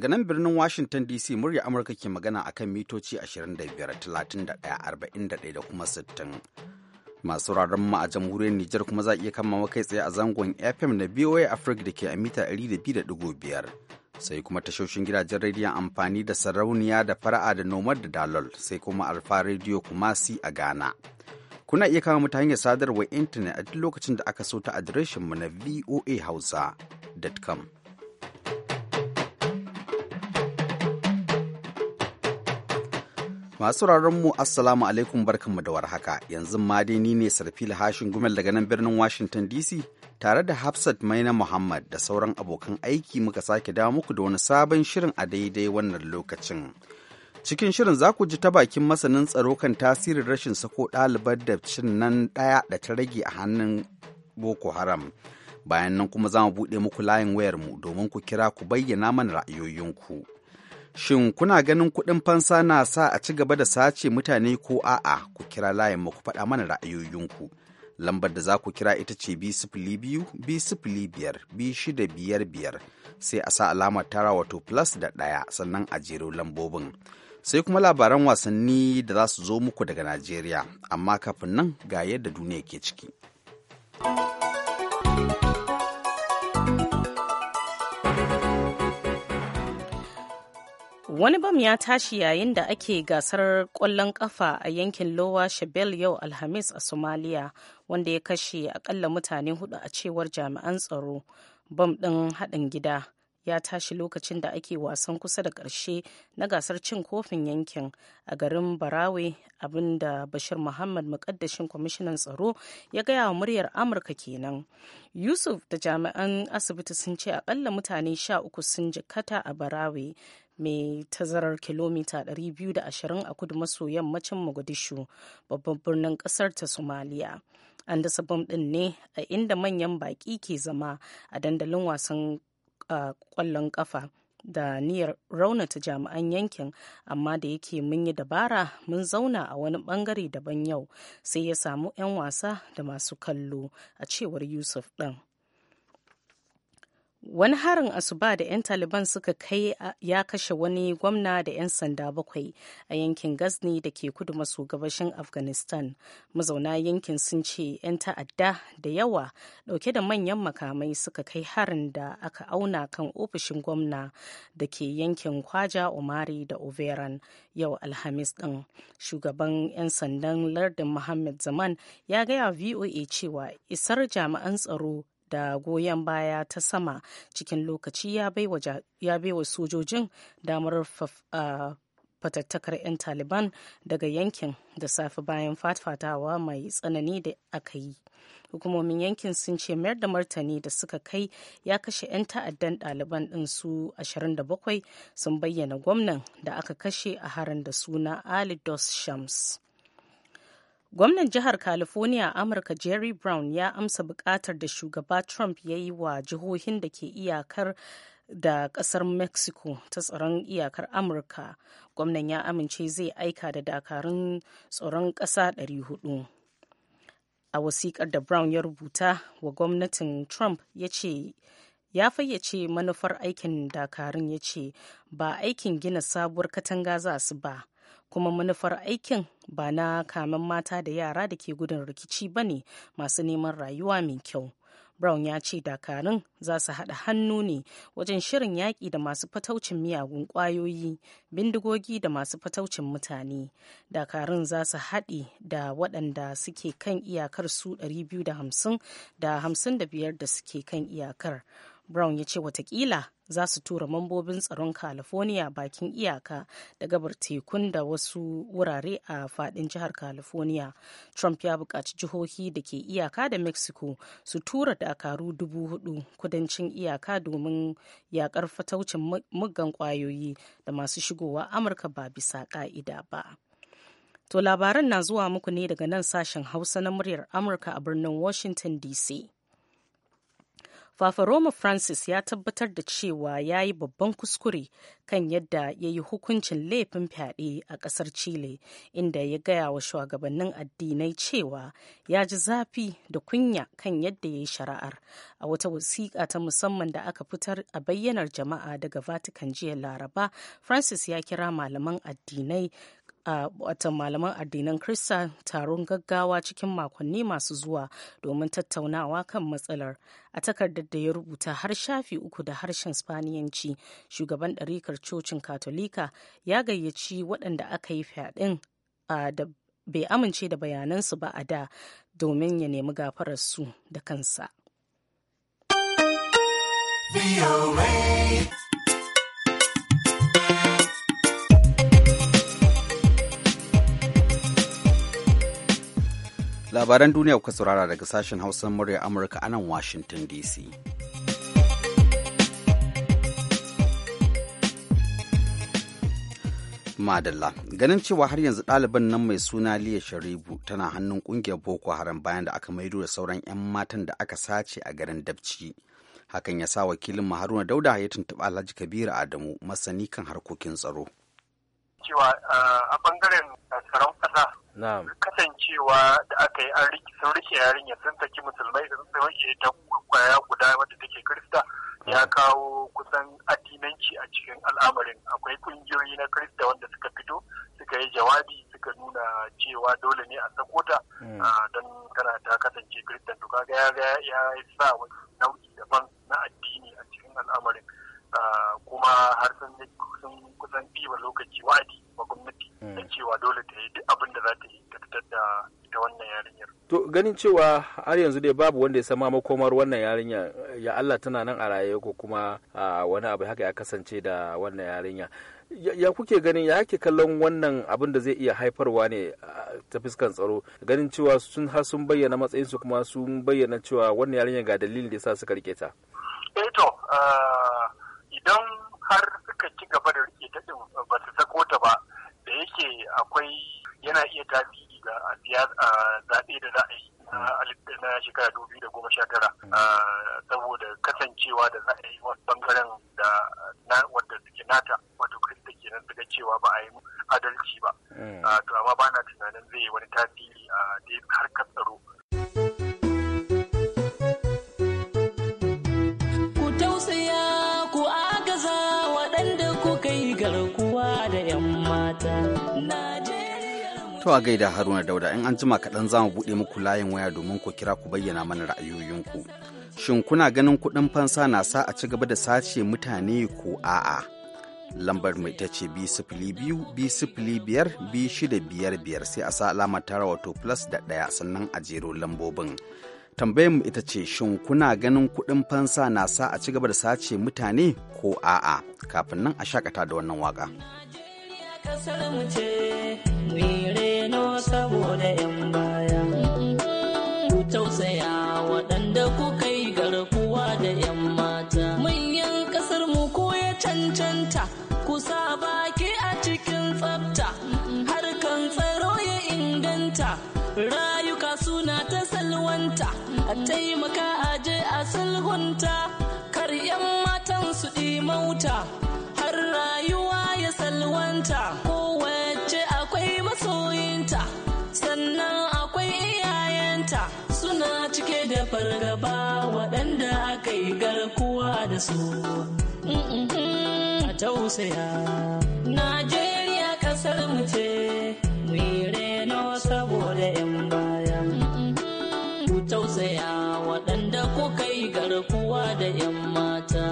Daga nan birnin Washington DC murya Amurka ke magana akan mitoci 25-31-41 da kuma 60. Masu rarren mu a jamhuriyar Nijar kuma za a iya kama kai tsaye a zangon FM na BOA Africa da ke a mita 200.5. Sai kuma tashoshin gidajen rediyon amfani da sarauniya da fara'a da nomad da dalol sai kuma alfa rediyo kuma si a Ghana. Kuna iya kama ta hanyar sadarwar intanet a duk lokacin da aka so ta adireshinmu na voahausa.com. Masu mu Assalamu alaikum barkanmu da warhaka yanzu ma dai ni ne Sarfil Hashin Gumel daga nan birnin Washington DC tare da Hafsat Maina Muhammad da sauran abokan aiki muka sake dawo muku da wani sabon shirin a daidai wannan lokacin. Cikin shirin za ku ji ta bakin masanin tsaro kan tasirin rashin sako ɗalibar da cin nan ɗaya da ta rage a hannun Boko Haram. Bayan nan kuma za mu buɗe muku layin wayarmu domin ku kira ku bayyana mana ra'ayoyinku. Shin kuna ganin kuɗin fansa na sa a ci gaba da sace mutane ko a'a ku kira layin mu ku faɗa mana ra'ayoyinku. Lambar da za ku kira ita ce b biyu b biyar b shida biyar biyar sai a sa alamar tara wato plus da ɗaya sannan a jero lambobin. Sai kuma labaran wasanni da za su zo muku daga Najeriya, amma kafin nan ga yadda duniya ke ciki. Wani bam ya tashi yayin da ake gasar kwallon kafa a yankin Lowa shebel yau Alhamis a somaliya wanda ya kashe akalla mutane hudu a cewar jami'an tsaro. Bam din haɗin gida ya tashi lokacin da ake wasan kusa da ƙarshe na gasar cin kofin yankin a garin Barawe, abinda Bashir Muhammad muƙaddashin kwamishinan tsaro ya gaya wa muryar Amurka kenan. Yusuf da jami'an asibiti sun ce akalla mutane sha uku sun jikkata a Barawe. mai tazarar kilomita 220 a kudu maso yammacin mogadishu babban birnin kasar ta somaliya an da sabon din ne a inda manyan baƙi ke zama a dandalin wasan ƙwallon ƙafa da niyyar raunata jami'an yankin amma da yake mun yi dabara mun zauna a wani bangare daban yau sai ya samu 'yan wasa da masu kallo a cewar yusuf ɗin. wani harin asuba da 'yan taliban suka kai ya kashe wani gwamna da 'yan sanda bakwai a yankin gazni da ke kudu maso gabashin afghanistan mazauna yankin sun ce 'yan ta'adda da yawa dauke da manyan makamai suka kai harin da aka auna kan ofishin gwamna da ke yankin kwaja umari da overan yau alhamis din shugaban 'yan sandan lardin muhammad zaman ya gaya voa cewa isar jami'an tsaro da goyon baya ta sama cikin lokaci ya baiwa sojojin damar fatattakar 'yan taliban daga yankin da safe bayan fatfatawa mai tsanani da aka yi hukumomin yankin sun ce mayar da martani da suka kai ya kashe 'yan ta'addan ɗaliban ɗin su 27 sun bayyana gwamnan da aka kashe a harin da suna ali shams Gwamnan jihar California Amurka Jerry Brown ya amsa bukatar da shugaba Trump ya yi wa jihohin da ke iyakar da kasar mexico ta tsaron iyakar amurka gwamnan ya amince zai aika da dakarun tsaron ƙasa 400 a wasiƙar da brown ya rubuta wa gwamnatin trump ya ce ya fayyace manufar aikin dakarun ya ce ba aikin gina sabuwar katanga za su ba kuma manufar aikin ba na kamen mata da yara da ke gudun rikici ba ne masu neman rayuwa mai kyau brown ya ce dakarun za su haɗa hannu ne wajen shirin yaƙi da masu fataucin miyagun ƙwayoyi bindigogi da masu fataucin mutane dakarun za su haɗe da waɗanda suke kan iyakar su 250 da 55 da suke kan iyakar Brown ya ce watakila za su tura mambobin tsaron California bakin iyaka da gabar tekun da wasu wurare a fadin jihar California. Trump ya buƙaci jihohi da ke iyaka da Mexico su tura dakaru dubu hudu kudancin iyaka domin yakar fataucin muggan kwayoyi da masu shigowa Amurka ba bisa ka'ida ba. To labaran na zuwa muku ne daga nan sashen Hausa na muryar Amurka a birnin Washington DC. Fafaroma Francis ya tabbatar da cewa ya yi babban kuskure kan yadda ya yi hukuncin laifin fyaɗe a ƙasar Chile, inda ya gaya wa shugabannin addinai cewa ya ji zafi da kunya kan yadda ya yi shari'ar a wata wasiƙa ta musamman da aka fitar a bayyanar jama'a daga Vatican jiya Laraba. Francis ya kira malaman addinai a watan malaman addinan Krista taron gaggawa cikin makonni masu zuwa domin tattaunawa kan matsalar. A takardar da ya rubuta har shafi uku da harshen Spaniyanci, shugaban ɗarikar cocin Katolika ya gayyaci waɗanda aka yi fyaɗin da bai amince da bayanansu ba a da domin ya nemi gafararsu da kansa. labaran duniya kuka saurara daga sashen hausa murya amurka a nan washington dc madalla ganin cewa har yanzu ɗaliban nan mai suna liya sharibu tana hannun ƙungiyar boko haram bayan da aka maido da sauran 'yan matan da aka sace a garin dabci hakan ya sa wakilin haruna dauda ya tuntuɓa alhaji kabiru adamu masani kan harkokin tsaro cewa ah, a bangaren tsaron kasa. kasancewa da aka yi an rike sun rike yarinya sun saki musulmai sun rike ta kwaya guda wadda take krista ya kawo kusan addinanci a cikin al'amarin akwai kungiyoyi na krista wanda suka fito suka yi jawabi suka nuna cewa dole ne a sako ta hmm. ah, don kana ta kasance kristan to kaga ya sa wani nau'i daban na addini a cikin al'amarin ah, kuma har sun kusan ɗiba lokaci wa'adi kuma gwamnati eh. da cewa dole ta yi duk abin da za ta yi ta fitar da ita wannan yarinyar. To ganin cewa har yanzu dai babu wanda ya sama makomar wannan yarinya ya Allah tana nan a raye ko kuma wani abu haka ya kasance da wannan yarinya. Ya kuke ganin ya ake kallon wannan abin da zai iya haifarwa ne ta fuskan tsaro ganin cewa sun har sun bayyana matsayinsu kuma sun bayyana cewa wannan yarinya ga dalilin da yasa suka rike ta. Eh to idan har suka ci gaba da rike ta ba su sako ta ba yake akwai yana iya tasiri ga zaɓe da za a yi na shekara dubu da goma sha tara mm. ah, saboda kasancewa da za a yi wasu bangaren da wadda suke nata wato ke nan daga cewa ba a yi adalci ba mm. ah, to amma ba na tunanin zai yi wani tasiri a harkar a gaida Haruna Dauda in an jima kaɗan za mu buɗe muku layin waya domin ku kira ku bayyana mana ra'ayoyinku. Shin kuna ganin kuɗin fansa na sa a ci gaba da sace mutane ko a'a? Lambar mai ita ce bi sifili biyu bi sifili biyar bi shida biyar biyar sai a sa alamar tara wato plus da ɗaya sannan a jero lambobin. Tambayar mu ita ce shin kuna ganin kuɗin fansa na sa a ci gaba da sace mutane ko a'a? Kafin nan a shakata da wannan waka. kasar mu ce mu reno saboda yan baya ku tausaya waɗanda ku kai garkuwa da yan mata manyan kasar mu ko ya cancanta ku sa baki a cikin tsafta harkan tsaro ya inganta rayuka suna ta salwanta a taimaka aje a sulhunta kai garkuwa da su a tausaya najeriya kasar mu ce mu yi reno saboda 'yan baya ku tausaya waɗanda kuka yi garkuwa da 'yan mata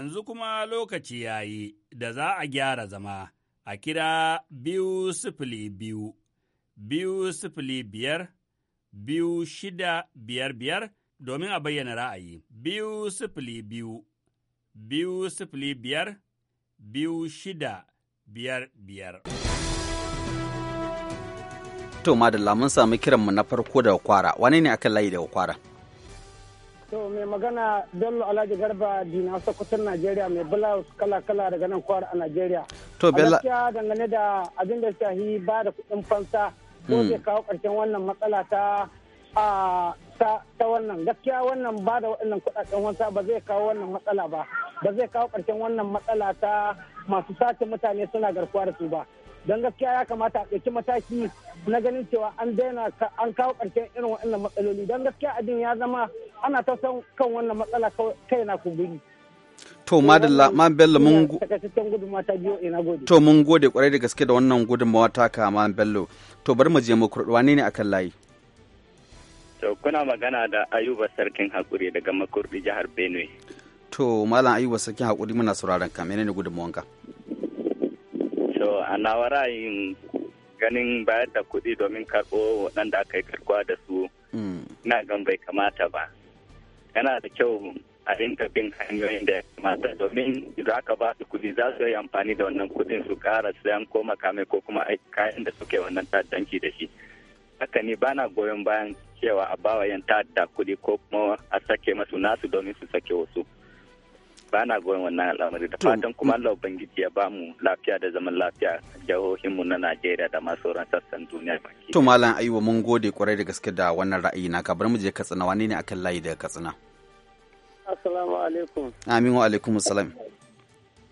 yanzu kuma lokaci ya yi da za a gyara zama a kira biyu sifili biyu, biyu sifili biyar, biyu shida biyar biyar domin a bayyana ra'ayi. Biyu sifili biyu, biyu sifili biyar, biyu shida biyar biyar. To, madalla mun sami kiranmu na farko daga kwara, wani ne akan layi daga kwara? To mai magana Bello Alhaji Garba Dina Sokoton Najeriya mai blouse kala-kala daga nan kwar a Najeriya. To Bello. A dangane da abin da shahi ba da kuɗin fansa. Ko hmm. zai kawo ƙarshen wannan matsala ta ta wannan gaskiya wannan ba da waɗannan kuɗaɗen wasa ba zai kawo wannan matsala ba ba zai kawo ƙarshen wannan matsala ta masu sace mutane suna garkuwa da su ba don gaskiya ya kamata a ɗauki mataki na ganin cewa an daina an kawo ƙarshen irin waɗannan matsaloli don gaskiya abin ya zama ana ta san kan wannan matsala kai na kumburi to madalla ma bello mun to mun gode kwarai da gaske da wannan gudunmawa ka ma bello to bari mu je mu kurduwa ne ne akan layi to kuna magana da ayuba sarkin hakuri daga makurdi jihar benue to malam ayuba sarkin hakuri muna sauraron ka menene ka? to a nawa ra'ayin ganin bayar da kuɗi domin karɓo waɗanda aka yi karkuwa da su mm. na gan bai kamata ba yana da kyau a rinka bin hanyoyin da ya kamata domin za ka ba su kuɗi za su yi amfani da wannan kuɗin su ƙara sayan ko makamai ko kuma kayan da suke wannan ta'addanci da shi haka ne bana goyon bayan cewa a bawa yan ta'adda kuɗi ko kuma a sake masu nasu domin su sake wasu. ba na goyon wannan al'amari da fatan kuma Allah ubangiji ya ba mu lafiya da zaman lafiya jihohin mu na Najeriya da ma sauran sassan duniya baki to malam Ayuba mun gode kwarai da gaske da wannan ra'ayi na ka bar mu je Katsina wani ne akan layi daga Katsina Assalamu alaikum Amin wa alaikum assalam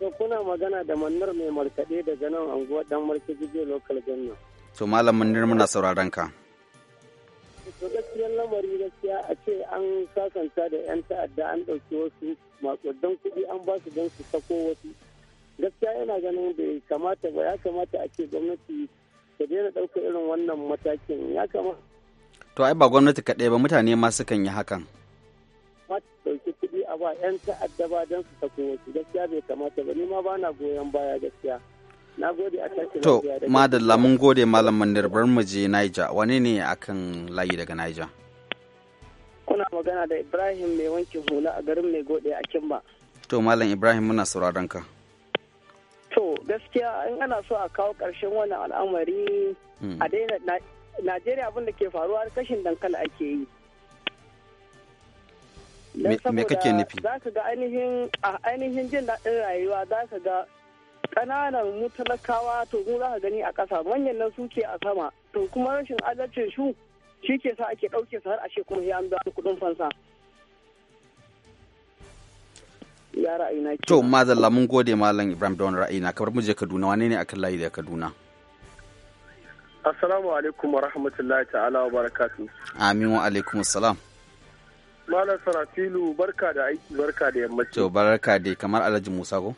to kuna magana da Mannar mai markade daga nan anguwa dan markaji local gannan to malam Mannar muna sauraron ka to gaskiyar lamari gaskiya a ce an sasanta da 'yan ta'adda an ɗauki wasu makudan kuɗi an ba su don su sako wasu gaskiya yana ganin bai kamata ba ya kamata a ce gwamnati ta daina ɗauka irin wannan matakin ya kamata to ai ba gwamnati kaɗai ba mutane ma sukan yi hakan ma ɗauki kuɗi a ba 'yan ta'adda ba don su sako wasu gaskiya bai kamata ba ni ma ba na goyon baya gaskiya To, madalla mun gode malam Mandir bar mu je Niger. Wane ne akan layi daga Niger? Kuna magana da Ibrahim mai wankin hula a garin mai gode a Kimba. To, malam Ibrahim muna sauraron ka. To, gaskiya in ana so a kawo ƙarshen wani al'amari hmm. a daina Najeriya abin da ke faruwa kashin dankali ake yi. Me kake nufi? Za ka ga ainihin jin daɗin rayuwa za ka ga ƙananan mutalakawa talakawa to mu za gani a ƙasa manyan nan suke a sama to kuma rashin adalcin shu shi ke sa ake ɗauke su har ashe kuma ya an biya kuɗin fansa. Ya ra'ayina ke. To mazalla mun gode malam Ibrahim da wani ra'ayina kamar mu je Kaduna wane ne akan layi da Kaduna? Assalamu alaikum wa rahmatullahi ta'ala wa barakatu. Amin wa alaikum assalam. Malam Saratilu barka da aiki barka da yammaci. To barka dai kamar Alhaji Musa ko?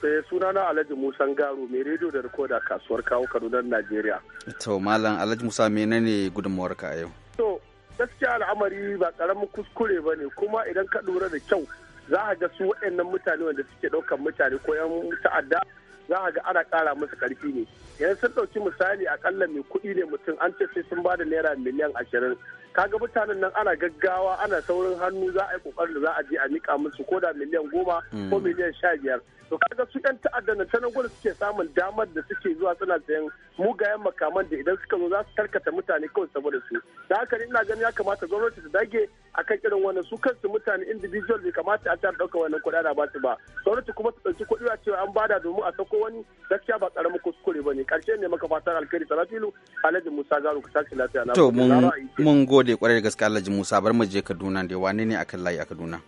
sai eh, sunana alhaji musa garo mai rediyo da rikoda kasuwar kawo kaduna najeriya to malam alhaji musa menene gudunmuwar ka yau to gaskiya al'amari ba karamin kuskure ba ne kuma idan ka lura da kyau za a ga su waɗannan mutane wanda suke ɗaukan mutane ko yan ta'adda za a ga ana ƙara musu ƙarfi ne yanzu sun ɗauki misali akalla mai kuɗi ne mutum an ce sai sun bada naira miliyan ashirin kaga mutanen nan ana gaggawa ana saurin hannu za a yi kokarin da za a je a mika musu ko da miliyan goma ko mm. miliyan sha biyar to kaga su yan ta'adda na tanan gudu suke samun damar da suke zuwa suna sayan mugayen makaman da idan suka zo za su tarkata mutane kawai saboda su da haka ne ina ganin ya kamata gwamnati ta dage akan irin wannan su kansu mutane individual bai kamata a tara dauka wannan kuɗi ana ba su ba gwamnati kuma ta ɗauki kuɗi a cewa an bada domin a sako wani gaskiya ba ƙaramin kuskure ba ne ƙarshe ne maka fatan alkhairi salafilu alhaji musa garu ku sake lafiya na to mun gode kwarai da gaske Alhaji Musa bar mu je Kaduna da wane ne akan layi a Kaduna?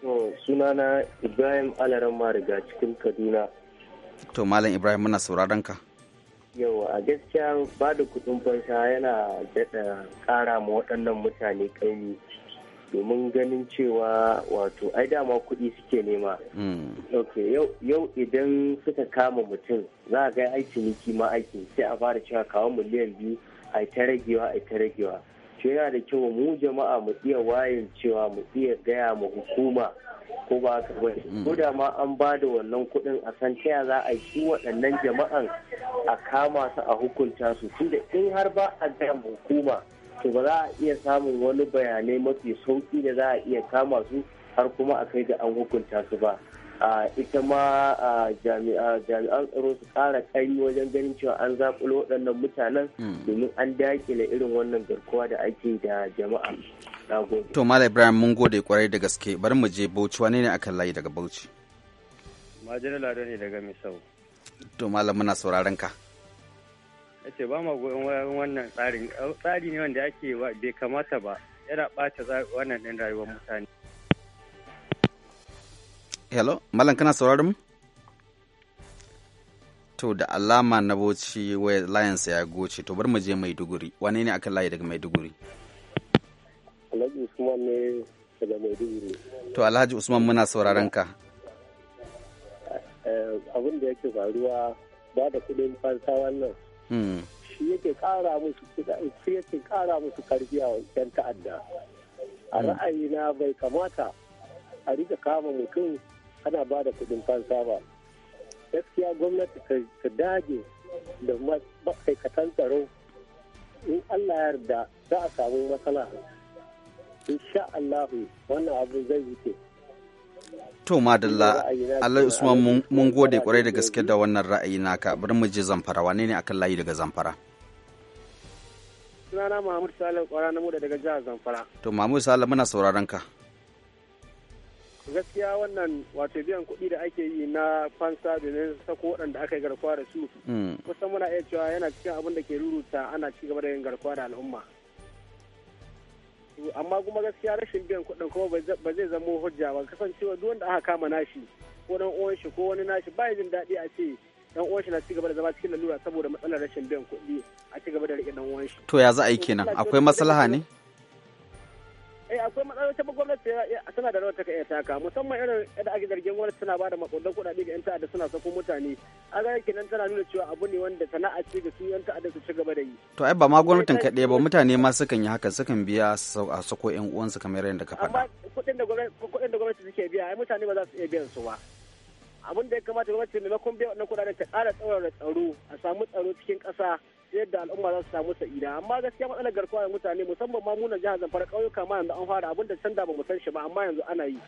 To sunana Ibrahim Alaran Mariga cikin Kaduna. To Malam Ibrahim muna sauraron ka. Yau a gaskiya ba da kuɗin fansa yana daɗa ƙara ma waɗannan mutane ƙaimi domin ganin cewa wato ai dama kuɗi suke nema. Hmm. yau idan suka kama mutum za a ga ai ciniki ma aiki sai a fara cewa kawo miliyan biyu a ta ragewa a ta ragewa to yana da kyau mu jama'a mu iya wayan cewa mu iya gaya ma hukuma ko ba ka ba mm. ko da ma an ba da wannan kuɗin a san taya za a yi waɗannan jama'an a kama su a hukunta su tunda in har ba a gaya ma hukuma to ba za a iya samun wani bayanai mafi sauƙi da za a iya kama su har kuma a kai da an hukunta su ba ita ma jami'an tsaro su kara kari wajen ganin cewa an zakulo waɗannan mutanen hmm. domin an dakile irin wannan garkuwa da ake da jama'a to malam ibrahim mun gode kwarai da gaske bari mu je bauchi wane ne akan layi daga bauchi majina lado ne daga misau to malam muna sauraron ka ce ba ma goyon wannan tsarin tsari ne wanda ake bai kamata ba yana ɓata wannan ɗin rayuwar mutane hello malam kana sauraron mu to da alama na boci waya lions ya goce to bar mu je maiduguri wane ne aka layi daga maiduguri alhaji usman ne daga maiduguri to alhaji usman muna sauraron ka eh, abin da yake faruwa ba da kudin fansa wannan hmm. shi yake kara musu shi yake kara musu karfi a yan ta'adda a hmm. ra'ayina bai kamata a rika kama mutum ana ba da kuɗin fansa ba gaskiya gwamnati ta dage da ma'aikatan tsaro in allah yarda za a samu matsala insha allahu wannan abu zai wuce to madalla allah usman mun gode kwarai da gaske da wannan ra'ayi naka bari mu je zamfara wane ne akan layi daga zamfara sunana mahmud salim kwara na mu daga jihar zamfara to mahmud salim muna sauraron ka gaskiya wannan wato biyan kuɗi da ake yi na fansa da ne sako waɗanda aka yi garkuwa da su hmm. kusan muna iya cewa yana cikin abin da ke ruruta ana ci gaba da yin garkuwa da al'umma amma kuma gaskiya rashin biyan kuɗin kuma ba zai zama hujja ba kasancewa duk wanda aka kama nashi ko dan uwan shi ko wani nashi ba jin daɗi a ce dan uwan shi na ci gaba da zama cikin lalura saboda matsalar rashin biyan kuɗi a ci gaba da riƙe dan uwan shi to ya za a yi kenan akwai maslaha ne eh akwai matsalar ta gwamnati eh, tana da rawar ta kai taka musamman irin yadda ake zargin gwamnati tana bada makudan kuɗaɗe ga yan ta'adda suna sako mutane a ga nan tana nuna cewa abu ne wanda sana'a ce da su yan ta'adda su ci gaba da yi to ai ba ma gwamnatin eh, kaɗai ba mutane ma sukan yi haka sukan biya a sako yan uwansu kamar yadda ka faɗa amma kuɗin da gwamnati suke biya ai mutane ba za su iya biyan su ba abin da ya kamata gwamnati maimakon biya wannan kuɗaɗen ta ƙara tsaro da tsaro a samu tsaro cikin ƙasa yadda al'umma za su samu sa'ida amma gaskiya matsalar garkuwa da mutane musamman ma muna jihar zamfara ƙauyuka ma yanzu an fara abinda can da bamu san shi ba amma yanzu ana yi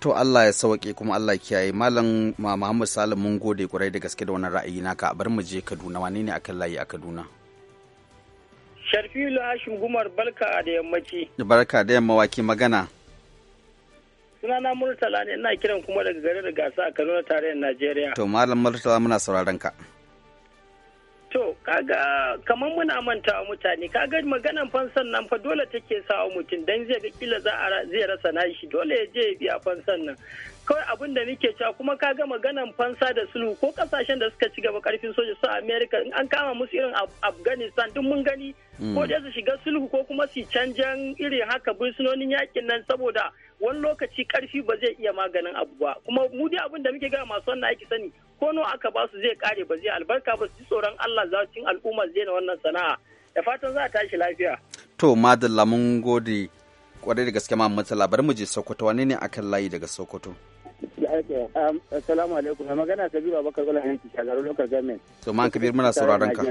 to Allah ya sauke kuma Allah kiyaye malam Muhammad Salim mun gode kurai da gaske da wannan ra'ayi naka bar mu je Kaduna wane ne akan layi a Kaduna Sharfilu Hashim Gumar barka da yammaci barka da yamma waki magana sunana Murtala ne ina kiran kuma daga garin Gasa a Kaduna tarayyar Najeriya to malam Murtala muna sauraron ka To, kaga kamar muna mantawa mutane, kaga maganan fansan nan fa dole take sawa mutum dan zai ga kila za a zai rasa nashi dole ya je ya biya fansan nan. Kawai abin da muke cewa kuma kaga maganan fansa da sulhu ko kasashen da suka ci gaba karfin soja su America in an kama musu irin Afghanistan duk mun gani mm. ko da su shiga sulhu ko kuma su canjan irin haka bursunonin yakin nan saboda wani lokaci karfi ba zai iya maganin abu ba kuma mu dai abin da muke ga masu wannan aiki sani ko nawa aka ba su zai kare ba zai albarka ba su tsoron Allah za su cin al'umma zai na wannan sana'a da fatan za a tashi lafiya. To madalla mun gode kwarai da gaske ma mutala bari mu je Sokoto wane ne akan layi daga Sokoto? Um, assalamu alaikum magana Kabiru Abubakar Bala Hanki shagaru local government. To man Kabir muna sauraron ka.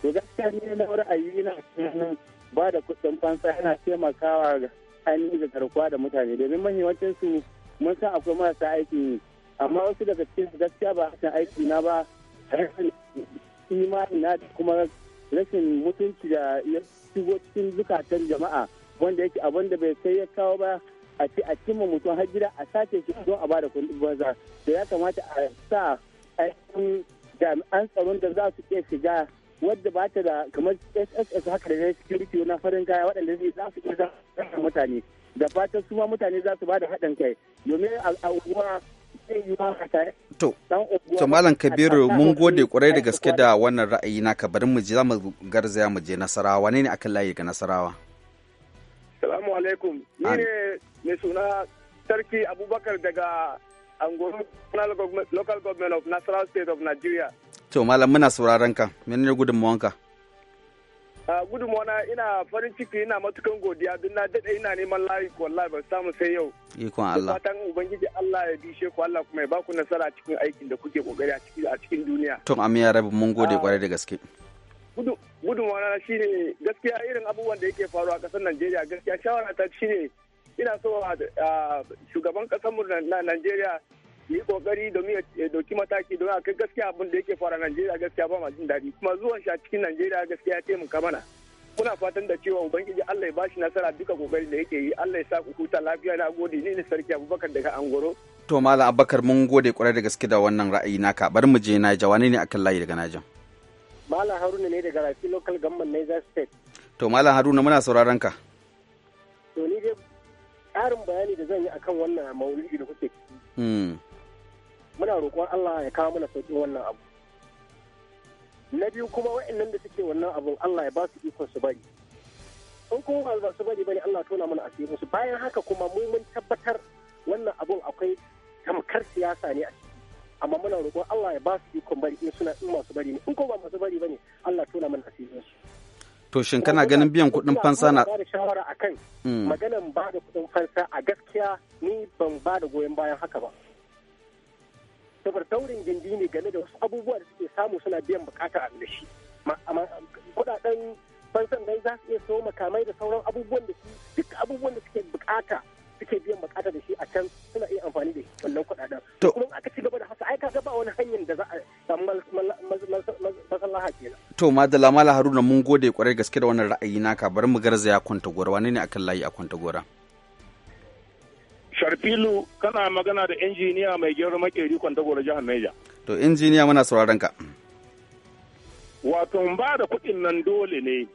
To gaskiya ne na ra'ayi na ba da kudin fansa yana taimakawa ainihin da garkuwa da mutane domin mahimmancin su mun san akwai marasa aikin amma wasu daga cikin gaskiya ba a aiki na ba imani na da kuma rashin mutunci da ya shigo cikin zukatan jama'a wanda yake abin da bai sai ya kawo ba a ce a cimma mutum har gida a sace shi don a bada kuɗi banza da ya kamata a sa aikin jami'an tsaron da za su iya shiga wadda ba ta da kamar sss haka da security na farin kaya waɗanda zai za su iya mutane da fatan su ma mutane za su ba da haɗin kai domin a To, to Malam Kabiru mun gode kwarai da gaske da wannan ra'ayi naka barin mu je za mu garzaya mu je Nasarawa ne ne akan layi ga Nasarawa. Salamu alaikum. Ni ne mai suna Sarki Abubakar daga Angoro Local Government of Nasarawa State of Nigeria. To Malam muna sauraron ka. ne gudunmawanka? ka? gudunmawa ina farin ciki ina matukan godiya don na daɗe ina neman layi ko wallahi ba samu sai yau. Ikon Allah. Fatan Ubangiji Allah ya bishe ku Allah kuma ya baku nasara cikin aikin da kuke kokari a cikin duniya. Tun ya rabu mun gode kwarai da gaske. Gudunmawa shi ne gaskiya irin abubuwan da yake faruwa a ƙasar Najeriya gaskiya shawara ta shi ne ina so shugaban ƙasar mu na Najeriya yi kokari domin ya dauki mataki don a kai gaskiya abin da yake fara Najeriya gaskiya ba ma jin daɗi kuma zuwan shi a cikin Najeriya gaskiya ya taimaka mana muna fatan da cewa ubangiji Allah ya ba shi nasara duka kokarin da yake yi Allah ya sa ku huta lafiya na gode ni ne sarki Abubakar daga Angoro to malam Abubakar mun gode kwarai da gaske da wannan ra'ayi naka bari mu je Naija wani ne akan layi daga Naija malam Haruna ne daga Rafi Local Government Niger State to malam Haruna muna sauraron ka to ni dai ƙarin bayani da zan yi akan wannan maulidi da kuke muna roƙon Allah ya kawo mana sauƙin wannan abu na biyu kuma wa'annan da suke wannan abu Allah ya ba su ikon su bari in kuma ba za su bari bane Allah tona mana cikin su bayan haka kuma mu mun tabbatar wannan abun akwai tamkar siyasa ne a ciki amma muna roƙon Allah ya ba su ikon bari in suna in masu bari ne in kuma ba masu bari bane Allah tona mana cikin su to shin kana ganin biyan kuɗin fansa na da shawara akan mm. maganan ba da kuɗin fansa a gaskiya ni ban ba da goyon bayan haka ba saboda taurin gindi ne game da wasu abubuwa da suke samu suna biyan bukatar abu da shi kudaden fansan dai za su iya so makamai da sauran abubuwan da su duk abubuwan da suke bukata suke biyan bukata da shi a can suna iya amfani da wannan kudaden kuma aka ci gaba da haka ai kaga ba wani hanyar da za a samu masallaha kenan to madalla mala haruna mun gode kwarai gaske da wannan ra'ayi naka bari mu garzaya kwanta gora wane ne akan layi a kwanta gora Sharfilu kana magana da injiniya mai gero makeri kwantagoro jihar Neja. To injiniya muna sauraron ka. Wato ba da kuɗin nan dole ne.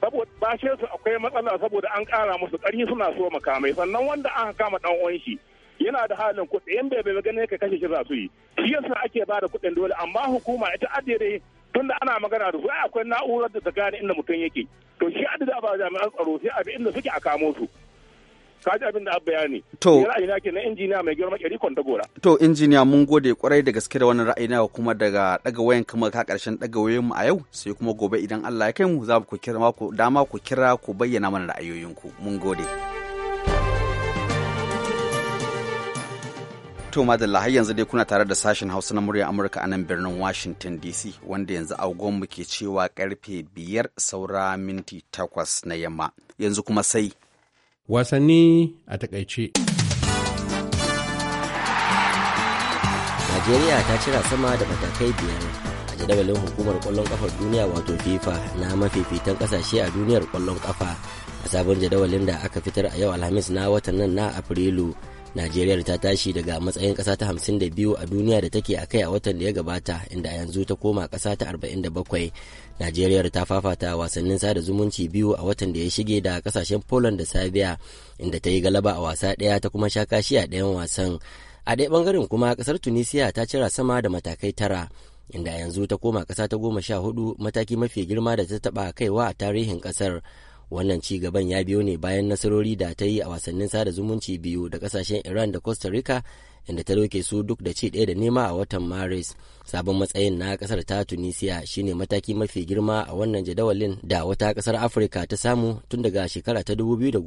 Saboda su akwai matsala saboda an ƙara musu ƙarfi suna so makamai sannan wanda an kama ɗan uwan shi yana da halin kuɗi in bai bai ganin ka kashe shi za su yi. Shi yasa ake ba da kuɗin dole amma hukuma ita adire tunda ana magana da su akwai na'urar da ta gane inda mutum yake. To shi adada ba jami'an tsaro sai a bi inda suke a kamo su. ka abin da abu bayani to ra'ayi na kenan injiniya mai girma kyari kon gora to injiniya mun gode kwarai da gaske da wannan ra'ayi na kuma daga daga wayan kuma ka karshen daga wayan mu a yau sai kuma gobe idan Allah ya kai mu za ku kira ku dama ku kira ku bayyana mana ra'ayoyinku mun gode to madalla har yanzu dai kuna tare da sashen hausa na murya amurka a nan birnin washington dc wanda yanzu mu ke cewa karfe biyar saura minti takwas na yamma yanzu kuma sai wasanni a takaice. Najeriya ta cira sama da matakai biyar a jadawalin hukumar kwallon kafar duniya wato FIFA na mafifitan kasashe a duniyar kwallon kafa a sabon jadawalin da aka fitar a yau Alhamis na watan nan na Afrilu. Najeriya ta tashi daga matsayin ƙasa ta 52 a duniya da take kai a watan da ya gabata inda yanzu ta koma kasa ta 47. Najeriya ta fafata wasannin sada zumunci biyu a watan da ya shige da kasashen Poland da Serbia inda ta yi galaba a wasa ɗaya ta kuma sha kashi a ɗayan wasan. A ɗaya ɓangaren kuma ƙasar Tunisia ta cira sama da matakai tara. inda yanzu ta koma ƙasa ta goma sha hudu mataki mafi girma da ta taɓa kaiwa a tarihin ƙasar wannan ci gaban ya biyo ne bayan nasarori da ta yi a wasannin sada zumunci biyu da kasashen iran da costa rica inda ta doke su duk da ci ɗaya da nema a watan maris sabon matsayin na kasar ta tunisia shine mataki mafi girma a wannan jadawalin da wata kasar afirka ta samu tun daga shekara ta 2013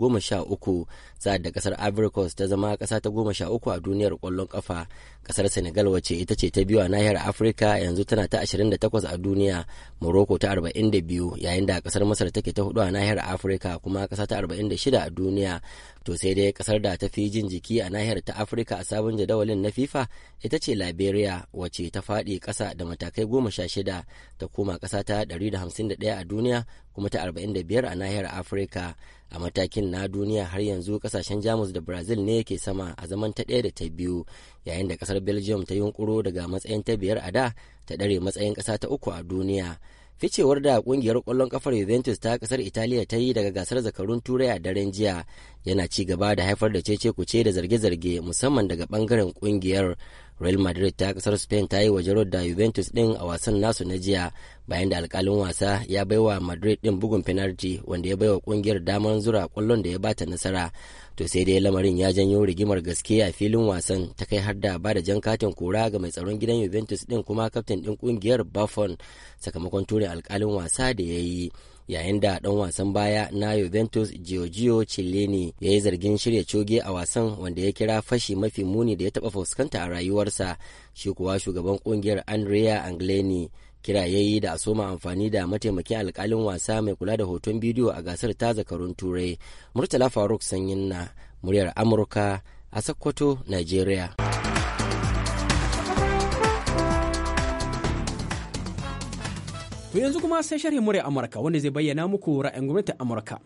sa'ad da kasar ivory coast ta zama kasa ta 13 a duniyar kwallon kafa kasar senegal wace ita ce ta biyu a nahiyar afirka yanzu tana ta 28 a duniya morocco ta 42 yayin da kasar masar take ta hudu a nahiyar afirka kuma kasa ta 46 a duniya to sai dai kasar da ta fi jin jiki a nahiyar ta afirka a sabon jadawalin na fifa ita ce liberia wace ta faɗi faɗi ƙasa da matakai goma sha shida ta koma ƙasa ta 151 a duniya kuma ta 45 a nahiyar afirka a matakin na duniya har yanzu ƙasashen jamus da brazil ne yake sama a zaman ta ɗaya da ta biyu yayin da ƙasar belgium ta yunkuro daga matsayin ta biyar a da ta ɗare matsayin ƙasa ta uku a duniya ficewar da kungiyar kwallon kafar juventus ta kasar italiya ta yi daga gasar zakarun turai a daren jiya yana ci gaba da haifar da cece kuce da zarge-zarge musamman daga bangaren kungiyar real madrid ta kasar spain ta yi waje da juventus din a wasan nasu na jiya bayan da alkalin wasa ya baiwa madrid din bugun penalty wanda ya baiwa kungiyar damar zura kwallon da ya bata nasara to sai dai lamarin ya janyo rigimar gaske a filin wasan ta kai har da ba da jan katin kura ga mai tsaron gidan juventus din kuma kaftin din kungiyar buffon sakamakon turin alkalin wasa da ya yi yayin da dan wasan baya na Juventus Giorgio Chiellini ya yi zargin shirya coge a wasan wanda ya kira fashi mafi muni da ya taba fuskanta a rayuwarsa shi kuwa shugaban kungiyar Andrea Angleni kira ya yi da a soma amfani da mataimakin alkalin wasa mai kula da hoton bidiyo a gasar ta zakarun turai murtala faruk sanyin na muryar amurka a sokoto nigeria To yanzu kuma sai sharhi murya Amurka wanda zai bayyana muku ra'ayin gwamnatin Amurka.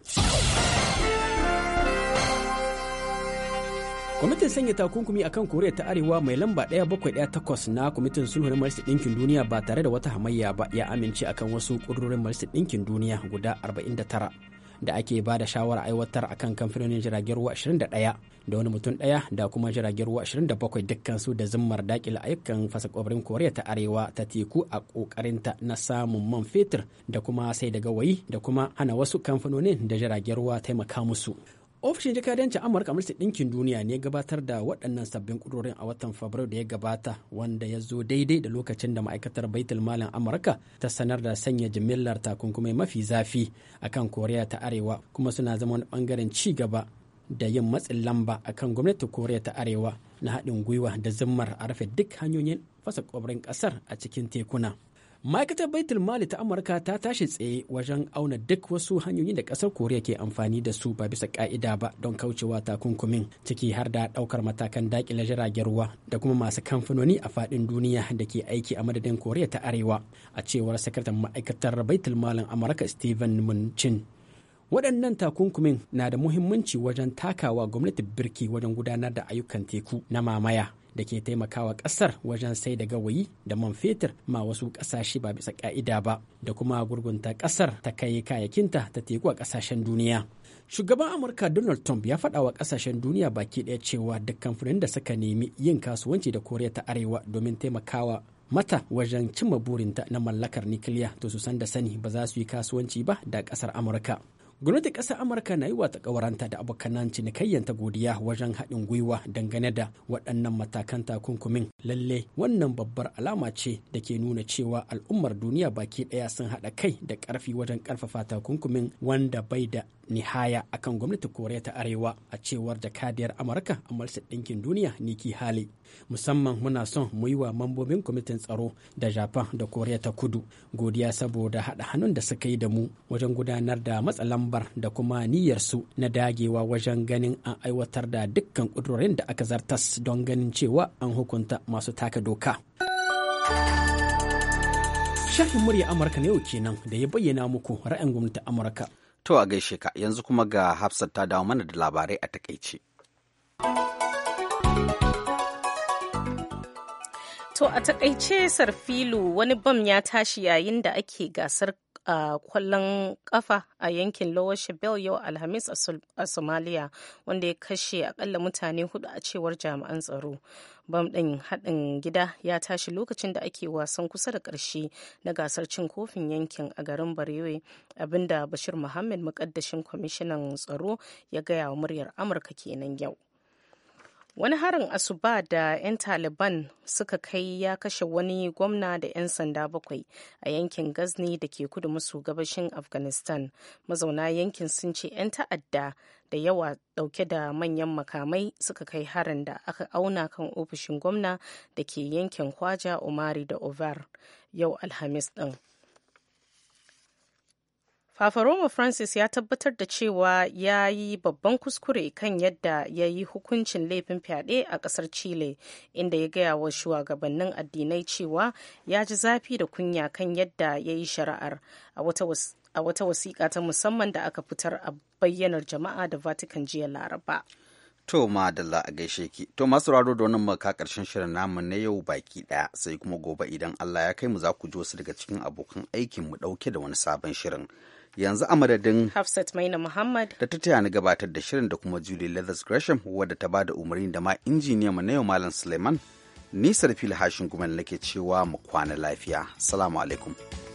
Kwamitin sanya takunkumi a kan Koriya ta Arewa mai lamba 1718 na Kwamitin Sulhu na Majalisar Ɗinkin Duniya ba tare da wata hamayya ba ya amince akan wasu ƙudurorin Majalisar Ɗinkin Duniya guda 49. da ake ba da shawarar aiwatar akan kamfanonin jiragen ruwa 21 da wani mutum ɗaya da kuma jiragen ruwa 27 dukkansu da zimmar dakila ayyukan fasa kwabarin koriya ta arewa ta teku a ƙoƙarinta na samun man fetur da kuma sai da gawayi da kuma hana wasu kamfanonin da jiragen ruwa taimaka musu ofishin jakadancin amurka majalisar ɗinkin duniya ne gabatar da waɗannan sabbin ƙudurorin a watan fabrairu da ya gabata wanda ya zo daidai da lokacin da ma'aikatar baitul malam amurka ta sanar da sanya jimillar takunkumai mafi zafi a kan koriya ta arewa kuma suna zama wani ɓangaren ci gaba da yin matsin lamba a kan gwamnatin koriya ta arewa na haɗin gwiwa da zimmar a rufe duk hanyoyin fasa ƙwabarin ƙasar a cikin tekuna ma'aikatar baitul mali ta amurka ta tashi tsaye wajen auna duk wasu hanyoyin da kasar koriya ke amfani da su ba bisa ka'ida ba don kaucewa takunkumin ciki har da daukar matakan dakile jiragen ruwa da kuma masu kamfanoni a fadin duniya da ke aiki a madadin koriya ta arewa a cewar sakataren ma'aikatar baitul malin amurka steven munchin waɗannan takunkumin na da muhimmanci wajen takawa gwamnati birki wajen gudanar da ayyukan teku na mamaya da ke taimakawa kasar wajen sai da gawayi da man fetur ma wasu kasashe ba bisa ka'ida ba da kuma gurgunta kasar ta kai kayakinta ta teku a kasashen duniya. Shugaban Amurka Donald Trump ya faɗa wa ƙasashen duniya baki ɗaya cewa duk kamfanin da suka nemi yin kasuwanci da Koriya ta Arewa domin taimakawa mata wajen cimma burinta na mallakar nikiliya to su san da sani ba za su yi kasuwanci ba da kasar Amurka. gwamnatin ƙasar amurka na yi wa takawaranta da abokanan cinikayyanta godiya wajen haɗin gwiwa dangane da waɗannan matakan takunkumin lalle wannan babbar alama ce da ke nuna cewa al'ummar duniya baki ɗaya sun haɗa kai da ƙarfi wajen ƙarfafa takunkumin wanda bai da nihaya akan gwamnatin koriya ta arewa a cewar jakadiyar amurka a majalisar ɗinkin duniya niki hali musamman muna son mu yi wa mambobin kwamitin tsaro da japan da koriya ta kudu godiya saboda haɗa hannun da suka yi da mu wajen gudanar da matsa lambar da kuma niyyarsu na dagewa wajen ganin an aiwatar da dukkan ƙudurorin da aka zartas don ganin cewa an hukunta masu taka doka. shafin murya Amurka na yau kenan da ya bayyana muku ra'ayin gwamnatin Amurka To a gaishe ka yanzu kuma ga Hafsat ta dawo mana da labarai a takaice. To a takaice Sarfilu wani bam ya tashi yayin da ake gasar a kwallon kafa a yankin lower shebel yau alhamis a somalia wanda ya kashe akalla mutane hudu a cewar jami'an tsaro bam ɗin haɗin gida ya tashi lokacin da ake wasan kusa da ƙarshe na gasar cin kofin yankin a garin barewe abinda bashir muhammad Maƙaddashin kwamishinan tsaro ya gaya wa muryar amurka kenan yau wani harin asuba da 'yan taliban suka kai ya kashe wani gwamna da 'yan sanda bakwai a yankin gazni da ke kudu maso gabashin afghanistan mazauna yankin sun ce 'yan ta'adda da yawa dauke da manyan makamai suka kai harin da aka auna kan ofishin gwamna da ke yankin kwaja umari da ovar yau alhamis din. Fafaroma Francis ya tabbatar da cewa ya yi babban kuskure kan yadda ya yi hukuncin laifin fyaɗe a ƙasar Chile, inda ya gaya wa shugabannin addinai cewa ya ji zafi da kunya kan yadda ya yi shari'ar a wata wasiƙa ta musamman da aka fitar a bayyanar jama'a da Vatican jiya Laraba. To madalla a gaishe ki. To masu raro da wannan maka karshen shirin namu na yau baki ɗaya sai kuma gobe idan Allah ya kai mu za ku ji wasu daga cikin abokan aikin mu ɗauke da wani sabon shirin. yanzu a madadin Hafsat Maina Muhammad da ta taya ni gabatar da shirin da kuma Julie Leathers Gresham wadda ta bada umarni da ma injiniya mu na yau Malam Suleiman ni Sarfil Hashin Gumal nake cewa mu kwana lafiya. Salamu alaikum.